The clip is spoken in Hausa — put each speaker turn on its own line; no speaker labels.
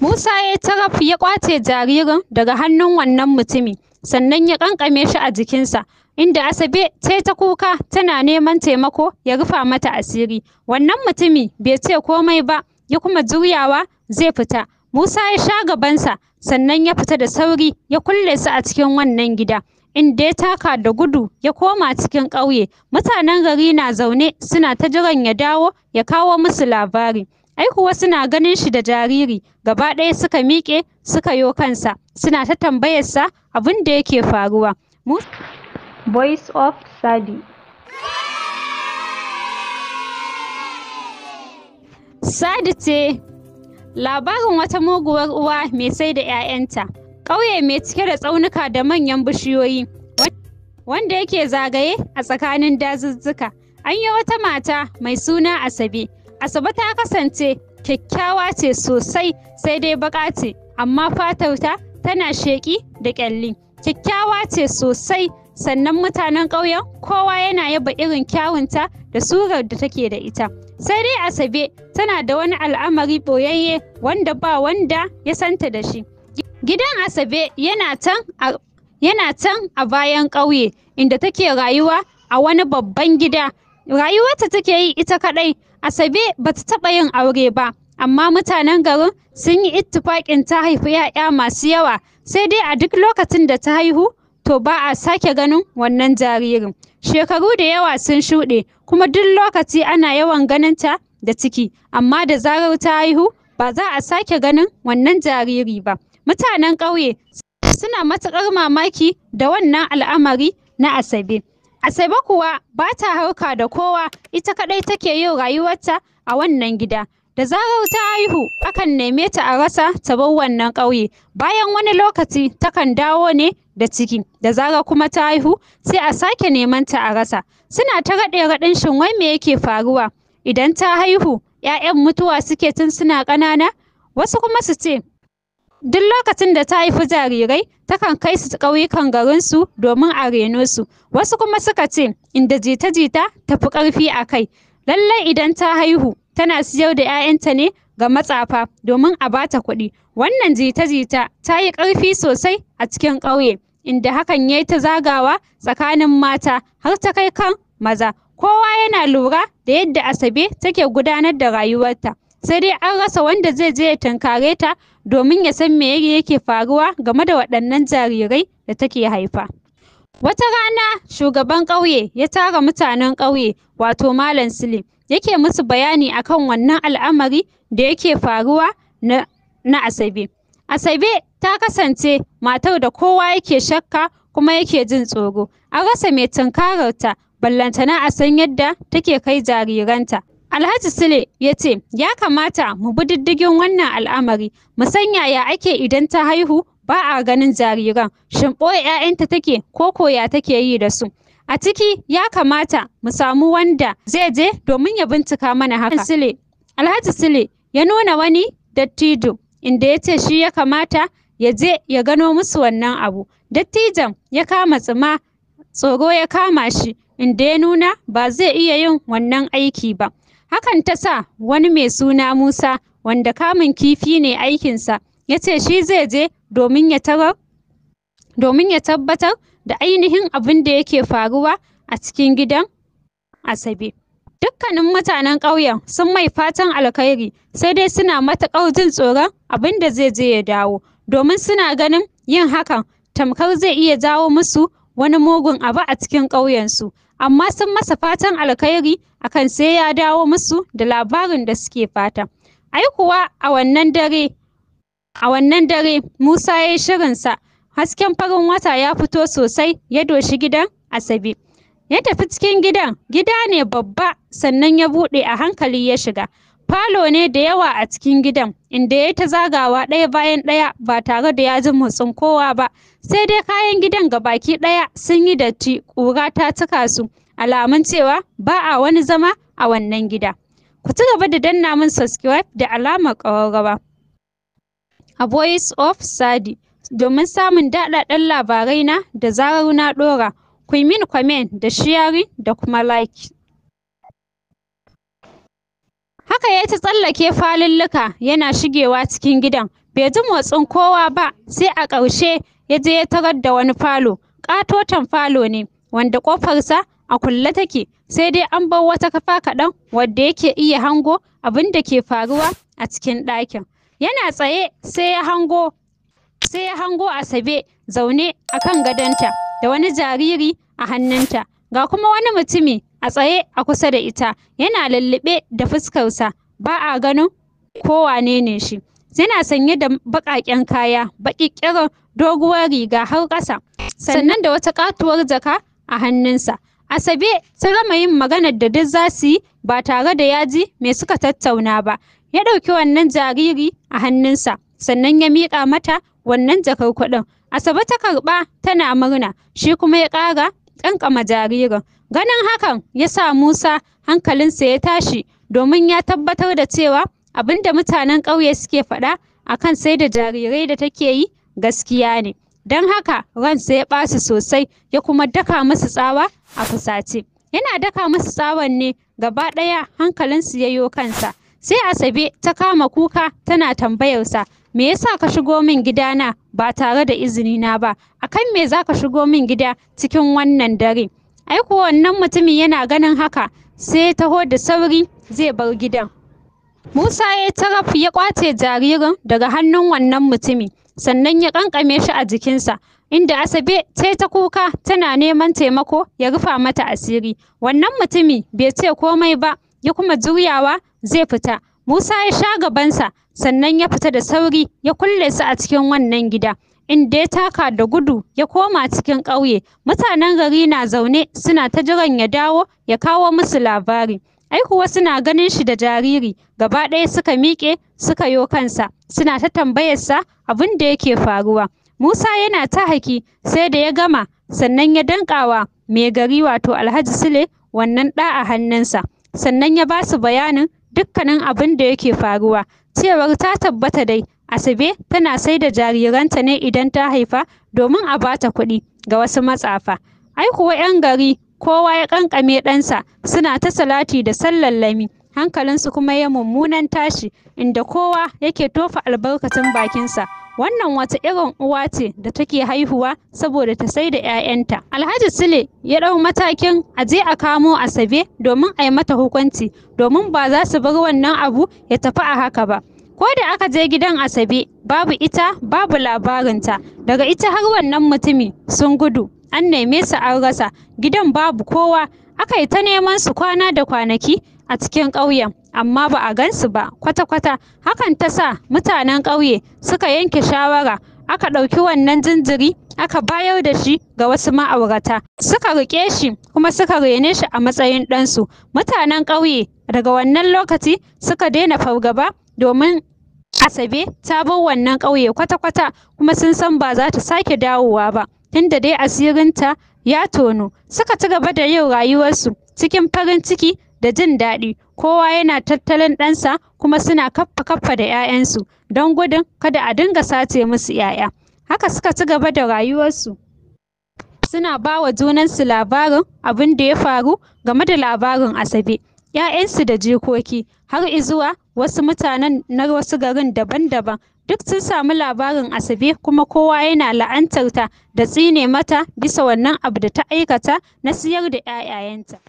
Musa ya yi taraf ya ƙwace jaririn daga hannun wannan mutumin, sannan ya ƙanƙame shi a jikinsa, inda Asabe ta ta kuka tana neman taimako ya rufa mata asiri. Wannan mutumi bai ce komai ba, ya kuma juyawa zai fita. Musa ya sha gabansa, sannan ya fita da sauri ya kulle su a cikin wannan gida. inda ya taka da gudu ya koma cikin ƙauye mutanen gari na zaune suna ta jiran ya dawo ya kawo musu labari Ai kuwa suna ganin shi da jariri, gaba ɗaya suka miƙe suka yo kansa, suna ta tambayarsa abin da yake faruwa. Voice of sadi Sadi ce labarin wata muguwar uwa mai sai da 'ya'yanta, ƙauye mai cike da tsaunuka da manyan bishiyoyi, wanda yake zagaye a tsakanin dazuzzuka. An yi wata mata mai suna Asabe, Asabe ta kasance kyakkyawa ce sosai sai dai baƙa ce, amma fatarta tana sheƙi da ƙyalli. Kyakkyawa ce sosai sannan mutanen ƙauyen kowa yana yaba irin kyawunta da surar da take da ita. Sai dai Asabe tana da wani al'amari ɓoyayye wanda ba wanda ya santa da shi. Gidan Asabe yana can yana can a bayan ƙauye inda take rayuwa a wani babban gida Rayuwarta take yi ita kaɗai, Asabe ba ta taɓa yin aure ba, amma mutanen garin sun yi ittifaƙin ta haifi 'ya'ya masu yawa, sai dai a duk lokacin da ta haihu, to ba a sake ganin wannan jaririn. Shekaru da yawa sun shuɗe, kuma duk lokaci ana yawan ganin ta da ciki, amma da zarar ta haihu, ba za a sake ganin wannan jariri ba. Mutanen ƙauye suna matuƙar mamaki da wannan al'amari na Asabe. Asabe kuwa ba ta harka da kowa, ita kaɗai take yin rayuwarta a wannan gida. Da zarar ta haihu, akan neme ta a rasa ta bar wannan ƙauye. Bayan wani lokaci takan dawo ne da ciki, da zarar kuma ta haihu sai a sake neman ta a rasa. Suna ta raɗe raɗin shin wai me yake faruwa? Idan ta haihu, ‘ya'yan mutuwa suke tun suna ƙanana? Wasu kuma su ce Duk lokacin da ta haifi jarirai, takan kai su ƙauyukan garinsu domin a reno su, wasu kuma suka ce, inda jita-jita ta fi ƙarfi a kai, lallai idan ta haihu, tana siyar da 'ya'yanta ne ga matsafa domin a ba ta kuɗi. Wannan jita-jita ta yi ƙarfi sosai a cikin ƙauye, inda hakan ya yi ta zagawa tsakanin mata har ta kai kan maza. Kowa yana lura da yadda Asabe take gudanar da rayuwarta. sai dai an rasa wanda zai je ya tunkare ta domin ya san me yake faruwa game da waɗannan jarirai da take haifa. Wata rana shugaban ƙauye ya tara mutanen ƙauye wato Malam Silim yake musu bayani akan wannan al'amari da yake faruwa na, na Asabe. Asabe ta kasance matar da kowa yake shakka kuma yake jin tsoro. An rasa mai tunkararta ballantana a san yadda take kai jariranta. Alhaji Sule ya ce, ya kamata mu bi diddigin wannan al'amari, mu san yaya ake idan ta haihu ba a ganin jariran, shin ɓoye 'ya'yanta take ko koya take yi da su. A ciki ya kamata mu samu wanda zai je domin ya bincika mana haka. Sule, Alhaji Sule ya nuna wani dattijo inda ya ce shi ya kamata ya je ya gano musu wannan abu. Dattijon ya kama tsima, tsoro ya kama shi, inda ya nuna ba zai iya yin wannan aiki ba. Hakan ta sa wani mai suna Musa, wanda kamun kifi ne aikinsa, ya ce shi zai je domin ya tabbatar da ainihin abin da yake faruwa a cikin gidan Asabe. Dukkanin mutanen ƙauyen sun mai fatan alkhairi, sai dai suna matuƙar jin tsoron abin da zai je ya dawo, domin suna ganin yin hakan tamkar zai iya jawo musu wani mugun abu a cikin ƙauyensu. Amma sun masa fatan alkhairi akan sai ya dawo musu da labarin da suke fata. Ai kuwa a wannan dare a wannan dare Musa ya yi shirinsa hasken farin wata ya fito sosai ya doshi gidan Asabe. Ya tafi cikin gidan, gida ne babba sannan ya buɗe a hankali ya shiga. Falo ne da yawa a cikin gidan, inda ya ta zagawa ɗaya bayan ɗaya ba tare da ya ji motsin kowa ba, sai dai kayan gidan ga baki ɗaya sun yi datti ƙura ta cika su. alamun cewa ba a wani zama a wannan gida. Ku ci gaba da danna min subscribe da alamar ƙararrawa. A Voice of Sadi domin samun daɗaɗɗen labarai na da zarar na ɗora. Ku yi mini comment da sharing da kuma like. Haka ya ta tsallake falulluka yana shigewa cikin gidan. Bai ji motsin kowa ba sai a ƙarshe ya je ya tarar da wani falo. Ƙatoton falo ne wanda ƙofarsa a kulle take sai dai an bar wata kafa kaɗan wadda yake iya hango abin da ke faruwa a cikin ɗakin yana tsaye sai ya hango sai ya hango asabe zaune a kan gadonta da wani jariri a hannunta ga kuma wani mutumi a tsaye a kusa da ita yana lullube da fuskarsa ba a ganin kowane ne shi yana sanye da baƙaƙen kaya baƙiƙirar doguwar riga har ƙasa sannan da wata ƙatuwar jaka a hannunsa Asabe ta gama yin maganar da duk za su yi ba tare da ya ji me suka tattauna ba. Ya ɗauki wannan jariri a hannunsa, sannan ya miƙa mata wannan jakar kuɗin. Asabe ta karɓa tana murna, shi kuma ya ƙara ƙanƙama jaririn. Ganin hakan ya sa Musa hankalinsa ya tashi domin ya tabbatar da cewa abin da mutanen ƙauye suke faɗa akan sai da jarirai da take yi gaskiya ne. don haka ransa ya ɓaci sosai ya kuma daka musu tsawa a fusace yana daka musu tsawan ne gaba ɗaya hankalin ya kansa sai asabe ta kama kuka tana tambayarsa me yasa ka shigo min gidana ba tare da izini na ba akan me za ka shigo min gida cikin wannan dare ai wannan mutumin yana ganin haka sai taho da sauri zai bar gidan Musa ya yi taraf ya ƙwace jaririn daga hannun wannan mutumin, sannan ya ƙanƙame shi a jikinsa, inda Asabe ta ta kuka tana neman taimako ya rufa mata asiri. Wannan mutumi bai ce komai ba, ya kuma juyawa zai fita. Musa ya sha gabansa, sannan ya fita da sauri ya kulle su a cikin wannan gida. inda ya taka da gudu ya koma cikin ƙauye mutanen gari na zaune suna ta jiran ya dawo ya kawo musu labari Ai kuwa suna ganin shi da jariri, gaba ɗaya suka miƙe suka yo kansa, suna ta tambayarsa abin da yake faruwa. Musa yana ta haki, sai da ya gama, sannan ya danƙawa mai gari wato Alhaji Sule wannan ɗa a hannunsa. Sannan ya ba su bayanin dukkanin abin da yake faruwa, cewar ta tabbata dai Asabe tana sai da jariranta ne idan ta haifa domin a bata kuɗi ga wasu matsafa. Ai kuwa 'yan gari kowa ya ƙanƙame ɗansa, suna ta salati da sallallami, hankalinsu kuma ya mummunan tashi, inda kowa yake tofa albarkacin bakinsa. Wannan wata irin uwa ce da take haihuwa saboda ta sai da 'ya'yanta. Alhaji Sule ya ɗau matakin a je a kamo Asabe domin a yi mata hukunci, domin ba za su bar wannan abu ya tafi a haka ba. ko da aka je gidan asabe babu ita babu labarinta daga ita har wannan mutumi sun gudu an neme su an rasa gidan babu kowa aka yi ta neman su kwana da kwanaki a cikin ƙauyen amma ba a gansu ba kwata-kwata hakan ta sa mutanen ƙauye suka yanke shawara aka ɗauki wannan jinjiri aka bayar da shi ga wasu ma'aurata suka riƙe shi kuma suka rene shi a matsayin ɗansu mutanen ƙauye daga wannan lokaci suka daina fargaba domin asabe ta bar wannan ƙauye kwata-kwata kuma sun san ba za ta sake dawowa ba inda dai asirinta ya tonu, suka ci gaba da yin rayuwarsu cikin farin ciki da jin daɗi, kowa yana tattalin ɗansa kuma suna kaffa-kaffa da 'ya'yansu don gudun kada a dinga sace musu 'ya'ya. Haka suka ci gaba da rayuwarsu. Suna ba wa junansu labarin abin da ya faru game da labarin Asabe. 'ya'yansu da jikoki, har izuwa wasu mutanen na wasu garin daban-daban, duk sun samu labarin Asabe kuma kowa yana la'antarta da tsine mata bisa wannan abu da ta aikata na siyar da 'ya'yanta.